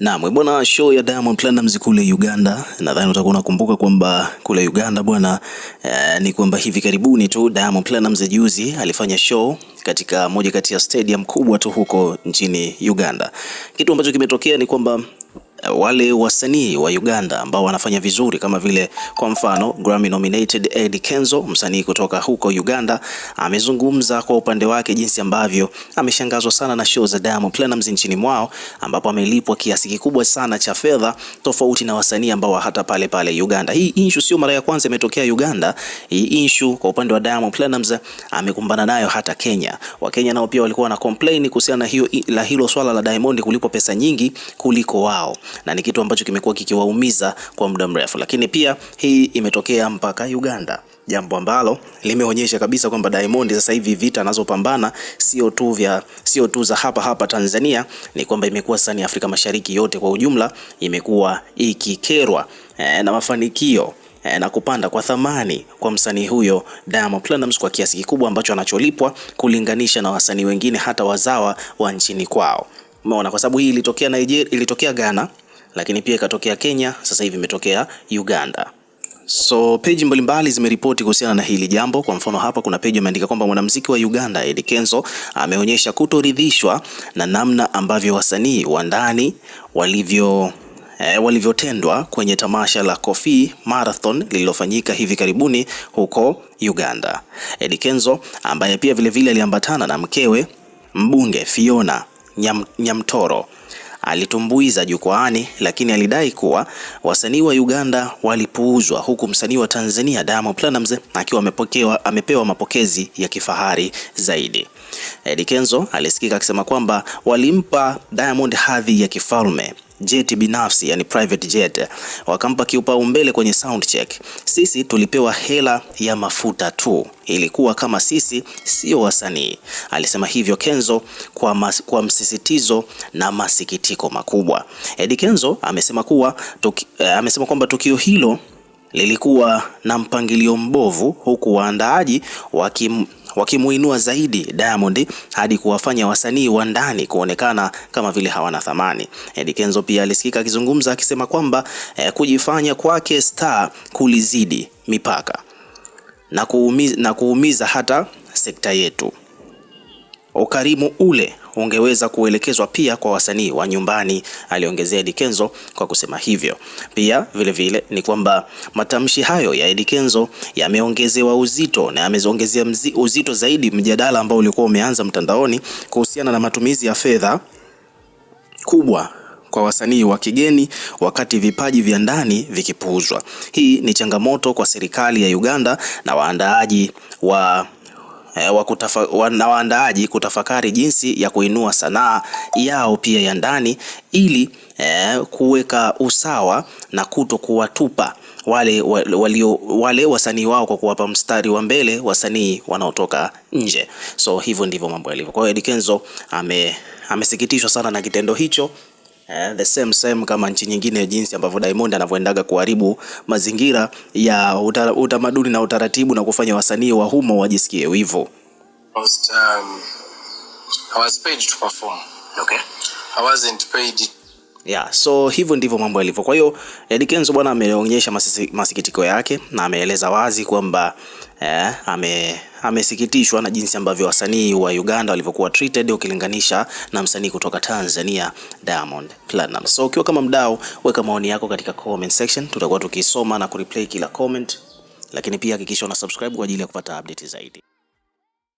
Naam, eh, bwana, show ya Diamond Platnumz kule Uganda, nadhani utakuwa unakumbuka kwamba kule Uganda bwana eh, ni kwamba hivi karibuni tu Diamond Platnumz juzi alifanya show katika moja kati ya stadium kubwa tu huko nchini Uganda. Kitu ambacho kimetokea ni kwamba wale wasanii wa Uganda ambao wanafanya vizuri kama vile kwa mfano Grammy nominated Eddie Kenzo, msanii kutoka huko Uganda, amezungumza kwa upande wake jinsi ambavyo ameshangazwa sana na show za Diamond Platnumz nchini mwao, ambapo amelipwa kiasi kikubwa sana cha fedha tofauti na wasanii ambao hata pale pale Uganda. Hii issue sio mara ya kwanza imetokea Uganda. Hii issue kwa upande wa Diamond Platnumz amekumbana nayo hata Kenya. Wakenya nao pia walikuwa na complain kuhusiana na hiyo la hilo swala la Diamond kulipwa pesa nyingi kuliko wao na ni kitu ambacho kimekuwa kikiwaumiza kwa muda mrefu, lakini pia hii imetokea mpaka Uganda, jambo ambalo limeonyesha kabisa kwamba Diamond sasa hivi vita anazopambana sio tu vya sio tu za hapa hapa Tanzania, ni kwamba imekuwa sani Afrika Mashariki yote kwa ujumla imekuwa ikikerwa e, na mafanikio eh, na kupanda kwa thamani kwa msanii huyo Diamond Platnumz kwa kiasi kikubwa ambacho anacholipwa kulinganisha na wasanii wengine hata wazawa wa nchini kwao. Umeona, kwa sababu hii ilitokea Nigeria, ilitokea Ghana lakini pia ikatokea Kenya, sasa hivi imetokea Uganda. So page mbalimbali zimeripoti kuhusiana na hili jambo. Kwa mfano, hapa kuna page imeandika kwamba mwanamuziki wa Uganda Eddy Kenzo ameonyesha kutoridhishwa na namna ambavyo wasanii wa ndani walivyo eh, walivyotendwa kwenye tamasha la Kofi Marathon lililofanyika hivi karibuni huko Uganda. Eddy Kenzo ambaye pia vilevile aliambatana vile na mkewe mbunge Fiona Nyam, Nyamtoro alitumbuiza jukwaani, lakini alidai kuwa wasanii wa Uganda walipuuzwa, huku msanii wa Tanzania Diamond Platnumz akiwa amepokewa, amepewa mapokezi ya kifahari zaidi. Eddie Kenzo alisikika akisema kwamba walimpa Diamond hadhi ya kifalme jet binafsi, yani private jet, wakampa kiupaumbele kwenye sound check. Sisi tulipewa hela ya mafuta tu, ilikuwa kama sisi sio wasanii, alisema hivyo Kenzo kwa, mas, kwa msisitizo na masikitiko makubwa. edi Kenzo amesema kuwa tuki, eh, amesema kwamba tukio hilo lilikuwa na mpangilio mbovu huku waandaaji wakim, wakimuinua zaidi Diamond hadi kuwafanya wasanii wa ndani kuonekana kama vile hawana thamani. Eddy Kenzo pia alisikika akizungumza akisema kwamba eh, kujifanya kwake star kulizidi mipaka na kuumiza, na kuumiza hata sekta yetu ukarimu ule ungeweza kuelekezwa pia kwa wasanii wa nyumbani, aliongezea Dikenzo kwa kusema hivyo. Pia vilevile vile, ni kwamba matamshi hayo ya Dikenzo yameongezewa uzito na yameongezea uzito zaidi mjadala ambao ulikuwa umeanza mtandaoni kuhusiana na matumizi ya fedha kubwa kwa wasanii wa kigeni wakati vipaji vya ndani vikipuuzwa. Hii ni changamoto kwa serikali ya Uganda na waandaaji wa Eh, na waandaaji kutafakari jinsi ya kuinua sanaa yao pia ya ndani ili eh, kuweka usawa na kuto kuwatupa wale, wale, wale wasanii wao kwa kuwapa mstari wa mbele wasanii wanaotoka nje. So hivyo ndivyo mambo yalivyo. Kwa hiyo Eddy Kenzo ame, amesikitishwa sana na kitendo hicho eh, the same same kama nchi nyingine, jinsi ambavyo Diamond anavyoendaga kuharibu mazingira ya uta, utamaduni na utaratibu na kufanya wasanii wa humo wajisikie wivu. Um, I was paid to perform. Okay. I wasn't paid Yeah, so hivyo ndivyo mambo yalivyo. Kwa hiyo Eddy eh, Kenzo bwana ameonyesha masikitiko yake na ameeleza wazi kwamba eh, ame amesikitishwa na jinsi ambavyo wasanii wa Uganda walivyokuwa treated ukilinganisha na msanii kutoka Tanzania Diamond Platinum. So ukiwa kama mdau, weka maoni yako katika comment section, tutakuwa tukisoma na kureplay kila comment, lakini pia hakikisha una subscribe kwa ajili ya kupata update zaidi.